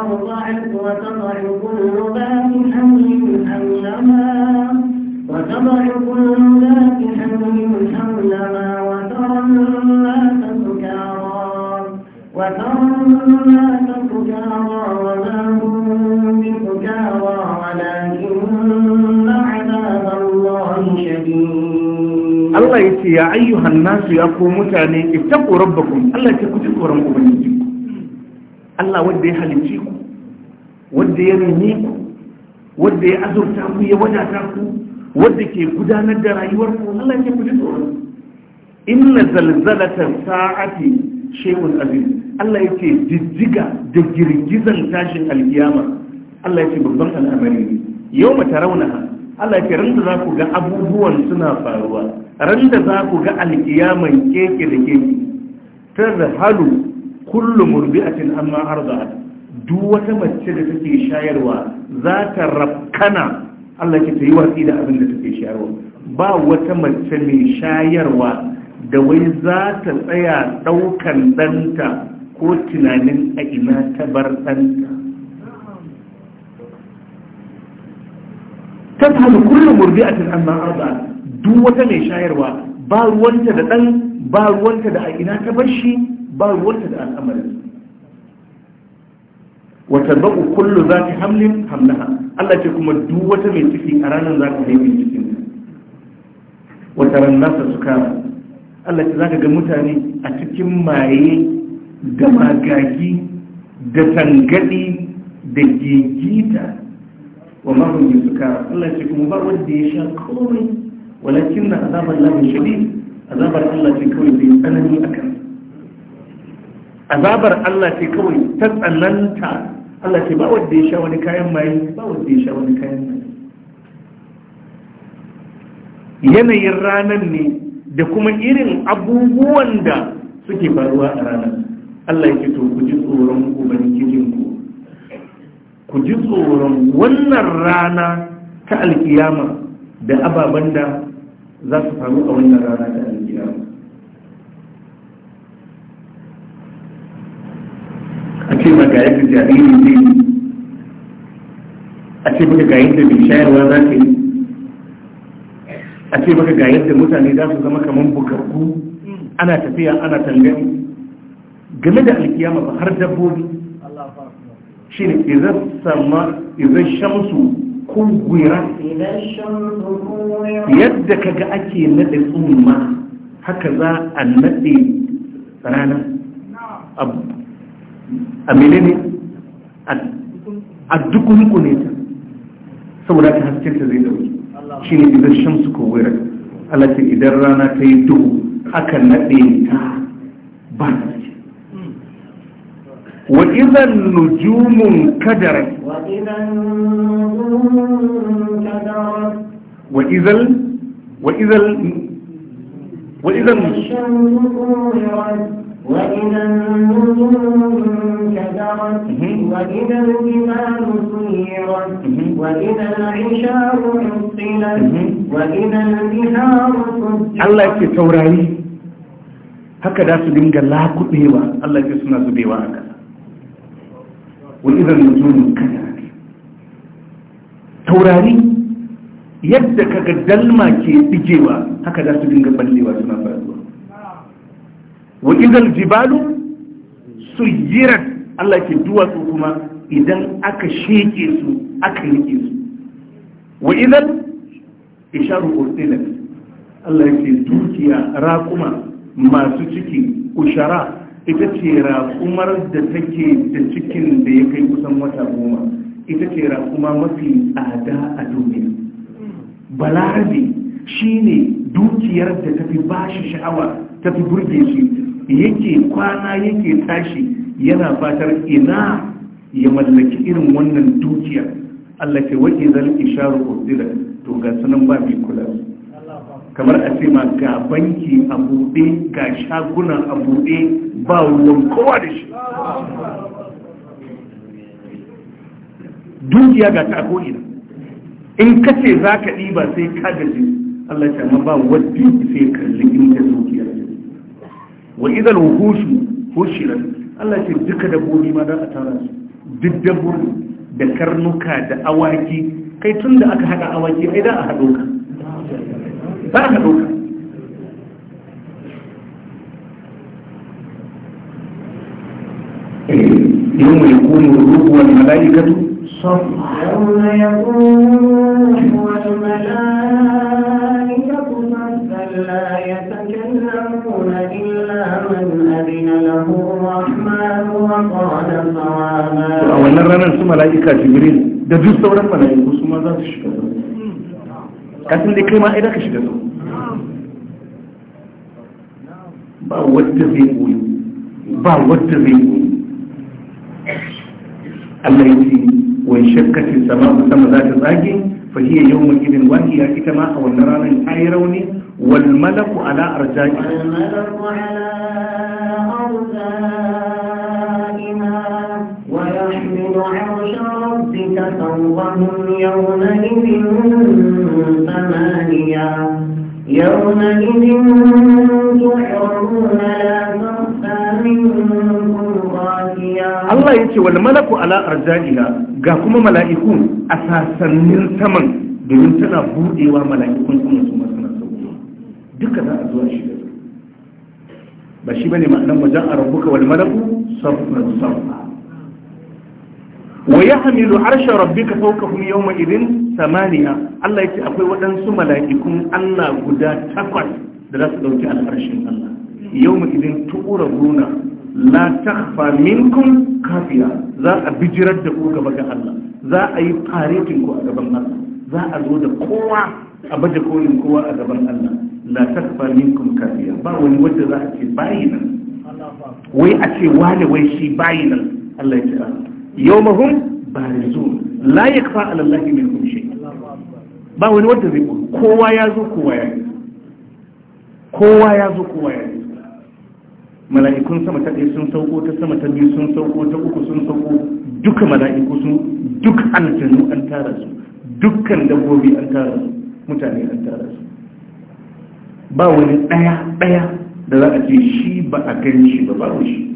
أرضعت وتضع كل ذات حمل حملها وتضع كل ذات حمل حملها وترى الناس سكارى وترى الناس سكارى وما هم Allah ya ce ya ayyuhan nasu ya ko mutane ittaqu rabbakum Allah ya ce ku ji tsoron ubangiji Allah wanda ya halicce ku wanda ya rene ku wanda ya azurta ku ya wadata ku wanda ke gudanar da rayuwar ku Allah ya ce ku ji tsoron inna zalzalatan sa'ati shay'un azim Allah ya ce jijjiga da girgizan tashin alkiyama Allah ya ce babban al'amari ne yau mata raunaha Allah ke randa za ku ga abubuwan suna faruwa randa za ku ga alkiyaman keke da keke halu, kullum rubi a murbi'atin amma arda'at duk wata mace da take shayarwa za ta rafkana Allah ke ta yi watsi da abin da take shayarwa ba wata mace mai shayarwa da wai za ta tsaya ɗaukan ɗanta, ko tunanin a ina ta bar ɗanta. tattalin kullum murbi a tun amma duk wata mai shayarwa ba ruwanta da ɗan ba ruwanta da aina ta barshi ba ruwanta da al'amarin wata baku kullu za ta hamlin hamlaha allah ce kuma duk wata mai ciki a ranar za ta haifi cikin wata ran nasa su kama allah ce za ka ga mutane a cikin maye da magagi da tangadi da gigita wa mahun yi suka Allah ce kuma ba wanda ya sha komai walakin na azabar lamun shiri azabar Allah ce kawai bai tsanani a kan azabar Allah ce kawai ta tsananta Allah ce ba wanda ya sha wani kayan maye ba wanda ya sha wani kayan maye yanayin ranar ne da kuma irin abubuwan da suke faruwa a ranar Allah ya ce to ku ji tsoron ubangijin ku ji tsoron wannan rana ta alkiyama da ababen da za su faru a wannan rana ta alkiyama a ce maka yadda jariri zai a ce maka ga yadda mai shayarwa za ta yi a ce maka ga yadda mutane za su zama kamar bukarku ana tafiya ana tangani game da alkiyama ba har dabbobi shi ne idan sama idan shamsu kugwira yadda kaga ake naɗe tsumma haka za a naɗe rana a menene a duk ne ta saboda ta haskenta zai dauki shi ne idan shamsu kugwira alati idan rana ta yi duhu aka naɗe ta ba na. ce وإذا النجوم انكدرت وإذا وإذا وإذا وإذا النجوم انكدرت وإذا الجبال سيرت وإذا العشاء حصلت وإذا البحار سجرت الله يكي توراري هكذا سدنجا لا كتبه الله يكي سنة زبيوه هكذا wani idan mutum kan taurari yadda kaga dalma ke digewa haka za su dinga ballewa suna faruwa wa jibalu su yirat Allah ke duwatsu kuma idan aka sheke su aka rike su wa idan isharu Allah ke dukiya raƙuma masu ciki ushara ita ce raƙumar da take da cikin da ya kai kusan wata goma ita ce raƙuma mafi tsada a duniya balarabe shi ne dukiyar da tafi ba shi sha'awa tafi burge shi yake kwana yake tashi yana fatar ina ya mallaki irin wannan dukiyar allah ce wajen ko isharu to ga sunan ba mai kula kamar a ce ma ga banki a buɗe ga shaguna a buɗe ba ruwan kowa da shi dukiya ga ta ko'ina in ka ce za ka ɗiba sai ka gaji Allah ya ma ba wadda sai kalli inda dukiya wa idan hukushu hushirar Allah ce duka da dabbobi ma don a tara su duk dabbobi da karnuka da awaki kai tun da aka haɗa awaki ai da a haɗo ka fara ka ɗauka yau mai kone ruhu wani يوم يقوم والملائكة صفا لا يتكلمون إلا من أذن له الرحمن وقال صوابا. أولا رنا سمى ملائكة جبريل ده جزء من الملائكة سمى ذات الشكر. ka san dai kai ma idan ka shiga su ba wadda zai koyi ba wadda zai koyi Allah ya ce wai shakkacin sama sama za ta zage fahiyya yau mai irin wahiya ita ma a wannan ranar ta yi rauni wal malaku ala arja'i ويحمل عرش ربك فوقهم يومئذ ثمانية يومئذ تحرون لا تخفى منكم خافية الله يتي والملك على أرجائها قاكم ملائكون أساسا نرتمن domin tana buɗewa mala'ikun kuma su masu masu duka za a zuwa shi da su ba shi bane ma'anan wajen a rabuka wal malaku sarfin sarfa wa ya hamilu harshen rabbika kuma yawma idin samaniya Allah yake akwai waɗansu mala'ikun Allah guda takwas da za su ɗauki alfarshen Allah yau mu idan tukura runa la takfa minkum kafiya za a bijirar da ku gaba ga Allah za a yi faretin ku a gaban Allah za a zo da kowa a baje kolin kowa a gaban Allah la takfa minkum kafiya ba wani wanda za a ce bayinan wai a ce wane wai shi nan, Allah ya ce yau mahum barizun la ya kafa alallahi minkum shay ba wani wadda zai kowa ya zo kowa ya kowa ya zo kowa ya mala'ikun sama ta ɗaya sun sauko ta sama ta biyu sun sauko ta uku sun sauko duka mala'iku sun duk an janu an tara su dukkan dabbobi an tara su mutane an tara su ba wani ɗaya ɗaya da za a ce shi ba a gan shi ba ba shi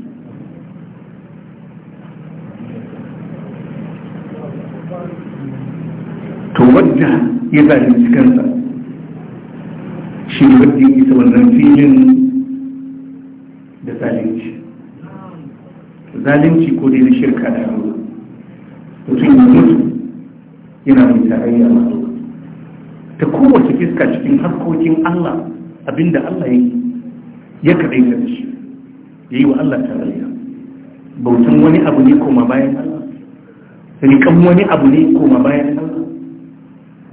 wadda ya zalunci kansa shi wadda ya isa wannan filin da zalunci zalunci ko dai na shirka da hannu mutum ya mutu yana mai tarayya ma ta kowace iska cikin harkokin Allah abinda Allah ya yi ya kaɗai da shi ya yi wa Allah tarayya bautan wani abu ne koma bayan Allah rikan wani abu ne koma bayan Allah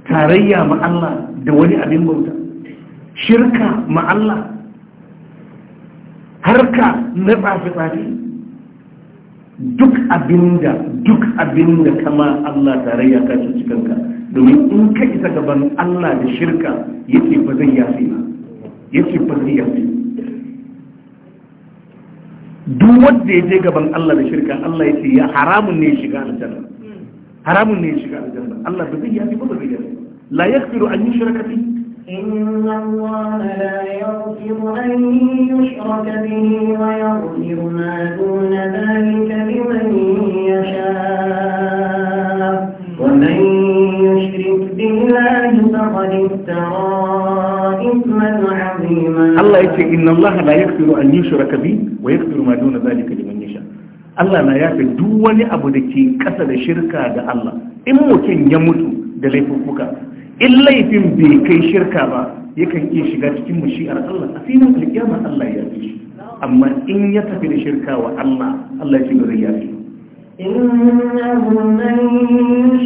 tarayya ma Allah da wani abin bauta shirka ma Allah harka na tsafi-tsafi duk abinda duk abinda kama Allah tarayya ka ci cikinka domin in ka isa gaban Allah da shirka yake ba zai yafi ba yake ba zai yafi duk wanda ya je gaban Allah da shirka Allah yake ya haramun ne shiga aljanna haramun ne shiga aljanna Allah ba zai yafi ba ba zai yafi لا يغفر أن يشرك به إن الله لا يغفر أن يشرك به ويغفر ما دون ذلك لمن يشاء ومن يشرك بالله فقد افترى Allah ya ce, Inna Allah la yake firo an yi shuraka bi, wa yake firo maduna zai ka liman Allah na yafe duk wani abu da ke kasa da shirka ga Allah, in mutum ya mutu da laifuka in laifin bai kai shirka ba yakan iya shiga cikin mashi'ar Allah a filin alƙiyama Allah ya fi amma in ya tafi da shirka wa Allah Allah shi gari ya fi إنه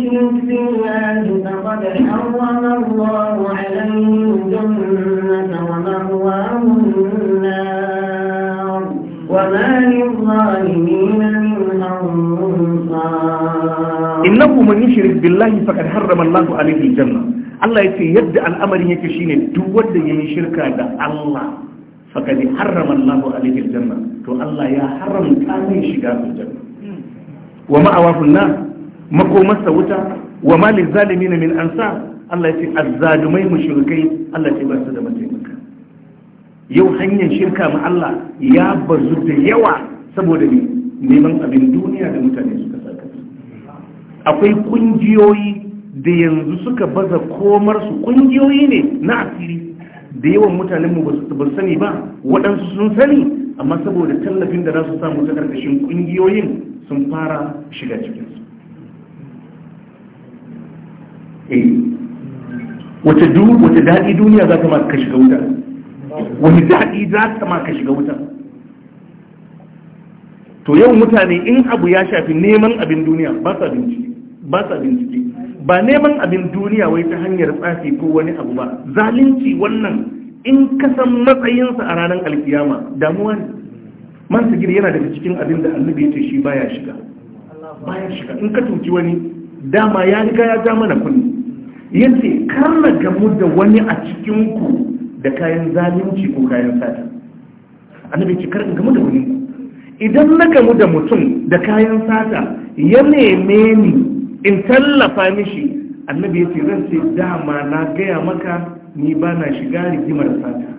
من يشرك بالله فقد حرم الله عليه الجنة ومأواه النار وما للظالمين من أنصار إنه من يشرك بالله فقد حرم الله عليه الجنة Allah ya ce yadda al'amarin yake shine duk wanda yayi shirka da Allah fakadi harrama Allahu alaihi aljanna to Allah ya haramta ne shiga aljanna wa ma'awahu nar makomarsa wuta wa ma lizalimin min ansar Allah ya ce azzalumai mushrikai Allah ya ba su da mataimaka yau hanyar shirka ma Allah ya bazu da yawa saboda ne neman abin duniya da mutane suka saka akwai kungiyoyi da yanzu suka baza komarsu ƙungiyoyi ne na asiri da yawan mutanenmu ba su sani ba waɗansu sun sani amma saboda tallafin da za su samu ta ƙarƙashin ƙungiyoyin sun fara shiga cikinsu eh, wace daɗi duniya za ta ma ka shiga wuta wani daɗi za ta ma ka shiga wuta to yau mutane in abu ya shafi neman abin duniya ba sa bincike ba neman abin duniya wai ta hanyar tsafi ko wani abu ba zalunci wannan in ka san matsayinsa a ranar alkiyama damuwa ne man sigir yana daga cikin abin da annabi ya ce shi baya shiga baya shiga in ka tuki wani dama ya riga ya ja mana kunni yace kar na gamu da wani a cikin ku da kayan zalunci ko kayan sata annabi ce kar gamu da wani idan na gamu da mutum da kayan sata ya neme ni in tallafa mishi annabi ya ce zan ce dama na gaya maka ni ba na shiga rigimar sata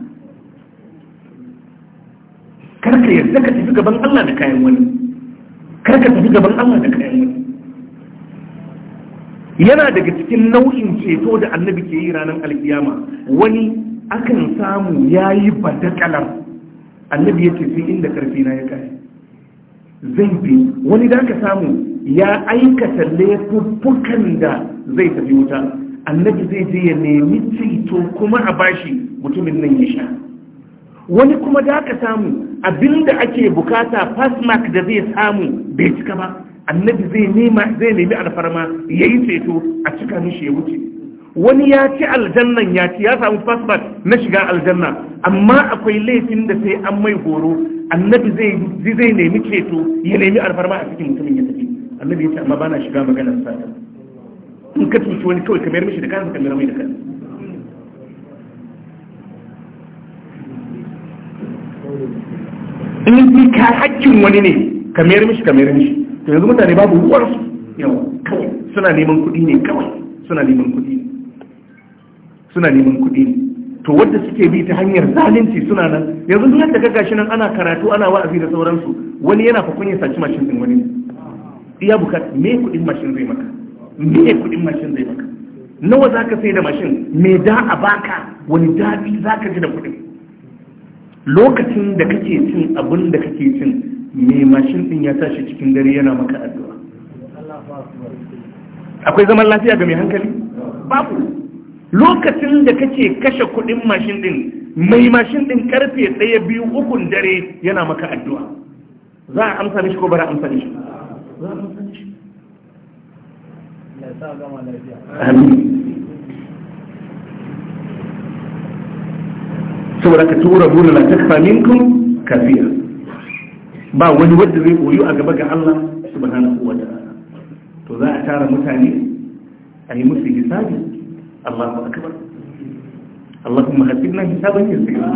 karka yadda ka tafi gaban Allah da kayan wani karka tafi gaban Allah da kayan wani yana daga cikin nau'in ceto da annabi ke yi ranar alkiyama wani akan samu ya yi ba da kalar annabi ya ce inda karfi na ya kai zai bi wani da aka samu ya aikata laifukan da zai tafi wuta annabi zai je ya nemi ceto kuma a bashi mutumin nan ya sha wani kuma da aka samu abin da ake bukata fastmark da zai samu bai cika ba annabi zai nema zai nemi alfarma ya yi ceto a cika mishi ya wuce wani ya ci aljannan ya ci ya samu fastmark na shiga aljanna amma akwai laifin da sai an mai horo annabi zai zai nemi ceto ya nemi alfarma a cikin mutumin ya tafi annabi ya ce amma bana shiga maganar sa in ka cuci wani kawai kamar mishi da kansa kamar mai da kansa in bi ka hakkin wani ne kamar mishi kamar mishi to yanzu mutane babu su yawa kawai suna neman kuɗi ne kawai suna neman kuɗi suna neman kuɗi ne to wadda suke bi ta hanyar zalunci suna nan yanzu duk yadda kaga shi nan ana karatu ana wa'azi da sauransu wani yana fa kunya saci mashin din wani iya bukat me kudin mashin zai maka me kudin mashin zai maka nawa zaka sai da mashin me da a baka wani dadi zaka ji da kudin lokacin da kake cin abin da kake cin me mashin din ya tashi cikin dare yana maka addu'a akwai zaman lafiya ga mai hankali babu lokacin da kace kashe kuɗin mashin ɗin mai mashin ɗin karfe daya biyu ukun dare yana maka addu'a za a amsa mishi ko bara amsa mishi za a amsa mishi saboda ka tura buru na takfa minkum kafiya ba wani wadda zai koyo a gaba ga Allah subhanahu wa ta'ala to za a tara mutane a yi musu hisabi Allahu akbar Allahumma hasibna hisaban yasira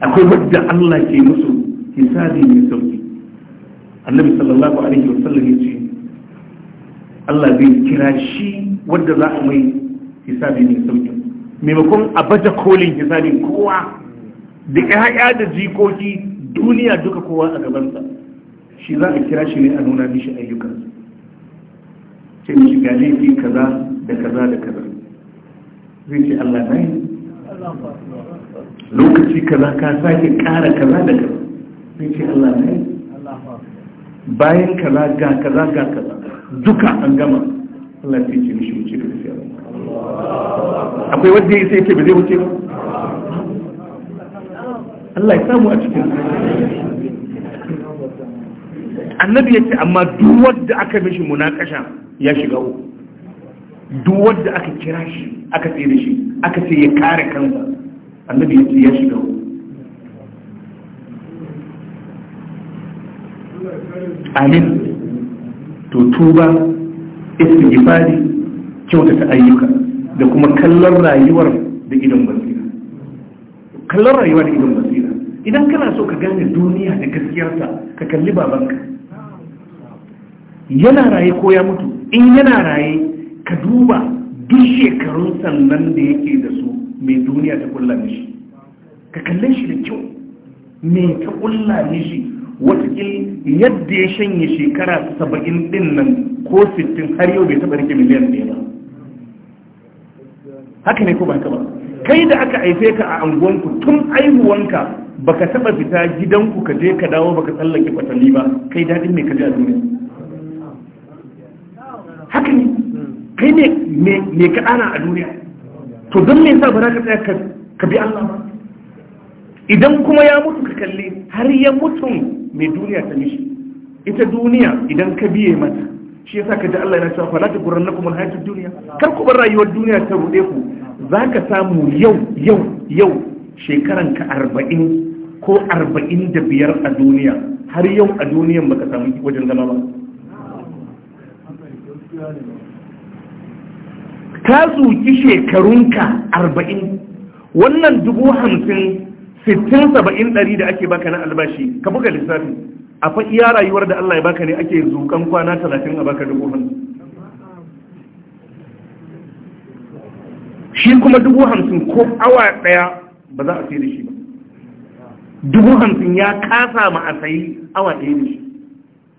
akwai wadda Allah ke musu hisabi mai sauki annabi sallallahu alaihi wa sallam ya ce Allah zai kira shi wadda za a mai hisabi mai sauki maimakon a baje kolin hisabin kowa da ƴaƴa da jikoki duniya duka kowa a gabansa shi za a kira shi ne a nuna mishi ayyukansa sai mu shiga laifi kaza da kaza da kaza zai ce Allah na yi lokaci kaza ka sake kara kaza da kaza zai ce Allah na yi bayan kaza ga kaza ga kaza duka an gama Allah sai ce mishi wuce da sai Allah akwai wanda ya sai ce ba zai wuce ba Allah ya samu a cikin annabi ya ce amma duk wanda aka mishi munakasha ya shiga uku duk wanda aka kira shi aka tsaye da shi aka ce ya kare kansa annabi ya ce ya shiga uku amin to tuba istighfari kyautata ayyuka da kuma kallon rayuwar da idan basira kallon rayuwa da idan basira idan kana so ka gane duniya da gaskiyarta ka kalli babanka yana raye ko ya mutu in yana raye ka duba duk shekarun sannan da yake da su mai duniya ta kulla mishi ka kalle shi da kyau mai ta kulla mishi watakil yadda ya shanye shekara saba'in din nan ko sittin har yau bai taɓa rike miliyan ɗaya ba haka ne ko ba ba kai da aka haife ka a anguwanku tun aihuwanka baka taɓa fita gidanku ka je ka dawo baka tsallake kwatanni ba kai daɗin mai ka a duniya haka ne kai ne me kaɗana a duniya to don me yasa ba za ka ka bi Allah ba idan kuma ya mutu ka kalli har ya mutu mai duniya ta mishi ita duniya idan ka biye mata shi yasa ka ji Allah yana cewa na kuma alhayatud duniya? kar ku bar rayuwar duniya ta ruɗe ku za ka samu yau yau yau shekaran ka arba'in ko arba'in da biyar a duniya har yau a duniyan baka samu wajen zama ba ka zuki shekarunka arba'in wannan dubu hamsin sittin saba'in ɗari da ake baka na albashi ka buga lissafi a fa iya rayuwar da Allah ya baka ne ake zukan kwana talatin a baka dubu hamsin shi kuma dubu hamsin ko awa ɗaya ba za a sai da shi ba dubu hamsin ya kasa ma a sayi awa ɗaya da shi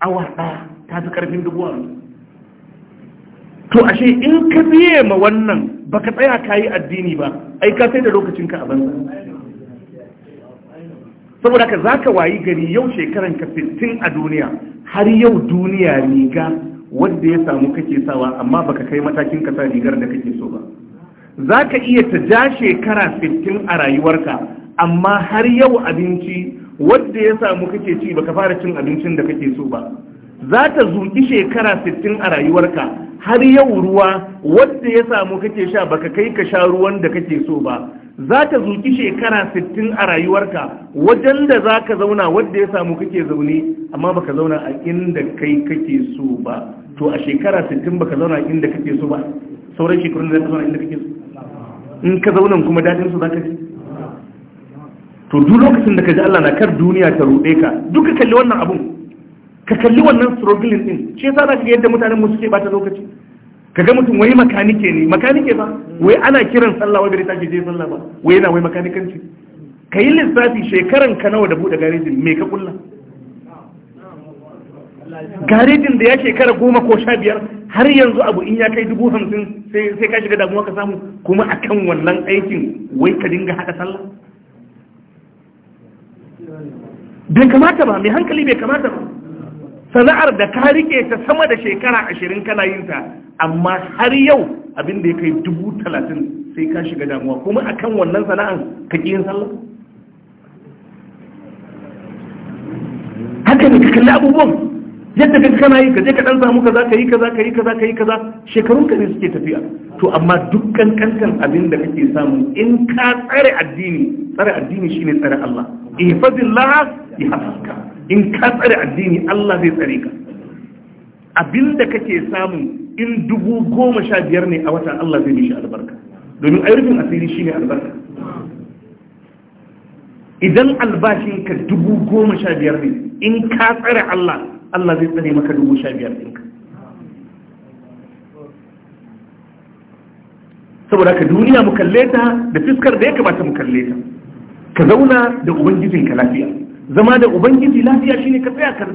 awa ɗaya ta fi ƙarfin dubu hamsin to ashe in ka biye ma wannan baka tsaya ka yi addini ba ai ka sai da lokacin ka a banza saboda ka za ka wayi gari yau shekaran ka fitin a duniya har yau duniya riga wanda ya samu kake sawa amma baka kai matakin ka sa rigar da kake so ba za ka iya ta ja shekara fitin a rayuwarka amma har yau abinci wanda ya samu kake ci baka fara cin abincin da kake so ba za ta zuƙi shekara 60 a rayuwarka har yau ruwa wadda ya samu kake sha baka kai ka sha ruwan da kake so ba za ta zuƙi shekara 60 a rayuwarka wajen da za ka zauna wadda ya samu kake zaune amma baka zauna a inda kai kake so ba to a shekara 60 baka zauna a inda kake so ba sauran shekarun da za ka zauna inda kake so in ka zauna kuma dadin su za ka ci to duk lokacin da ka ji Allah na kar duniya ta ruɗe ka duka kalli wannan abun ka kalli wannan struggling din shi yasa zaka ga yadda mutanen mu suke bata lokaci Ka ga mutum wai makanike ne makanike ba wai ana kiran sallah wai bai tashi je sallah ba wai yana wai makanikanci yi lissafi shekaran ka nawa da bude garejin me ka kulla garejin da ya shekara goma ko sha biyar har yanzu abu in ya kai dubu hamsin sai ka shiga damuwa ka samu kuma akan wannan aikin wai ka dinga haɗa sallah bai kamata ba mai hankali bai kamata ba sana'ar da ka rike ta sama da shekara ashirin kana yin ta amma har yau abin da ya kai dubu talatin sai ka shiga damuwa kuma akan wannan sana'ar ka ƙi yin sallah haka ne ka kalli abubuwan yadda ka kana yi ka je ka ɗan samu kaza ka yi kaza ka yi kaza ka yi kaza shekarun ka ne suke tafiya to amma dukkan kankan abin da kake samu in ka tsare addini tsare addini shine tsare Allah ihfazillah yahfazka in ka tsare addini Allah zai tsare ka abinda kake samu in dubu goma sha biyar ne a wata Allah zai mishi albarka domin ayyukan asiri ne albarka idan albashin ka dubu goma sha biyar ne in ka tsare Allah Allah zai tsare maka dubu sha biyar ɗinka saboda ka duniya mu kalle ta da fiskar da ya kamata mu kalle ta ka zauna da ubangijinka lafiya zama da ubangiji lafiya shine ka tsaya ka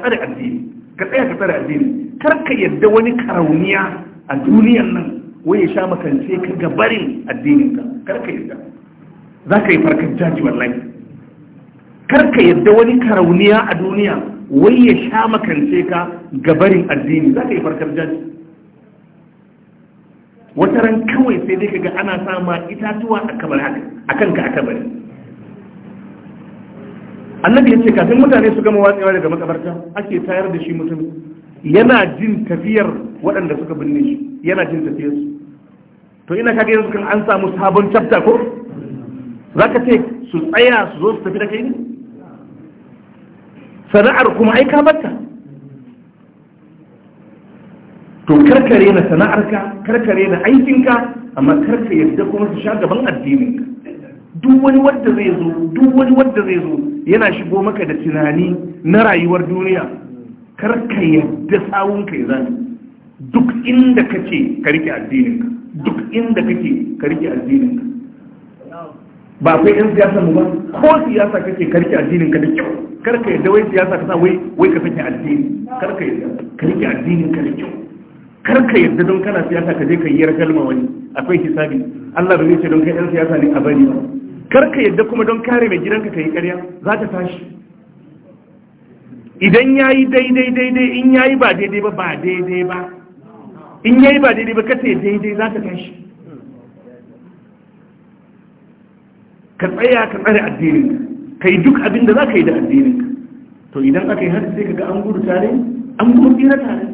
tsare addini ka tsaya ka tsare addini kar ka yadda wani karauniya a duniyan nan wai ya sha makance ka gabarin addinin ka kar ka yadda za ka yi farkar jaji wallahi kar ka yadda wani karauniya a duniya wai ya sha makance ka gabarin addini za ka yi farkar jaji wata ran kawai sai dai kaga ana sama itatuwa a kabar haka akan ka a kabari annabi ya ce kafin mutane su gama watsewa daga makabarta ake tayar da shi mutum yana jin tafiyar waɗanda suka binne shi yana jin tafiyar su to ina kage yanzu kan an samu sabon chapter ko zaka ce su tsaya su zo su tafi da kai ne sana'ar kuma ai ka batta to karkare na sana'arka karkare na aikinka amma karka yadda kuma su sha gaban addininka duk wani wanda zai zo duk wani wanda zai zo yana shigo maka da tunani na rayuwar duniya kar ka yadda tsawon ka ya duk inda kace ka rike addininka duk inda kake ka rike addininka ba kai yan siyasa mu ba ko siyasa kake ka rike addininka da kyau kar ka yadda wai siyasa ka sa wai wai ka sake addini kar ka yadda ka rike addininka da kyau kar ka yadda don kana siyasa ka je ka yi kalma wani akwai hisabi Allah ba zai ce don kai yan siyasa ne a bari ba karka yadda kuma don kare mai gidanka ta yi karya za ta tashi idan ya yi daidai daidai in ya yi ba daidai ba ba daidai ba in ya yi ba daidai ba kasa daidai za ta tashi ka tsaya ka tsare addinin, ka yi duk abin da za ka yi da addinin. to idan aka yi haka sai ka ga an gudu tare an kuma tare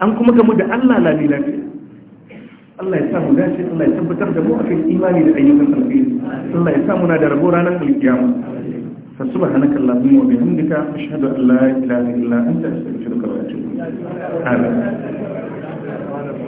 an kuma gamu da allah lalilafiya lafiya Allah ya sa mu dace Allah ya tabbatar da mu akan imani da ayyukan alheri Allah ya sa na da rabo ranar alkiyama fa subhanaka allahumma wa bihamdika ashhadu an la ilaha illa anta astaghfiruka wa atubu ilaik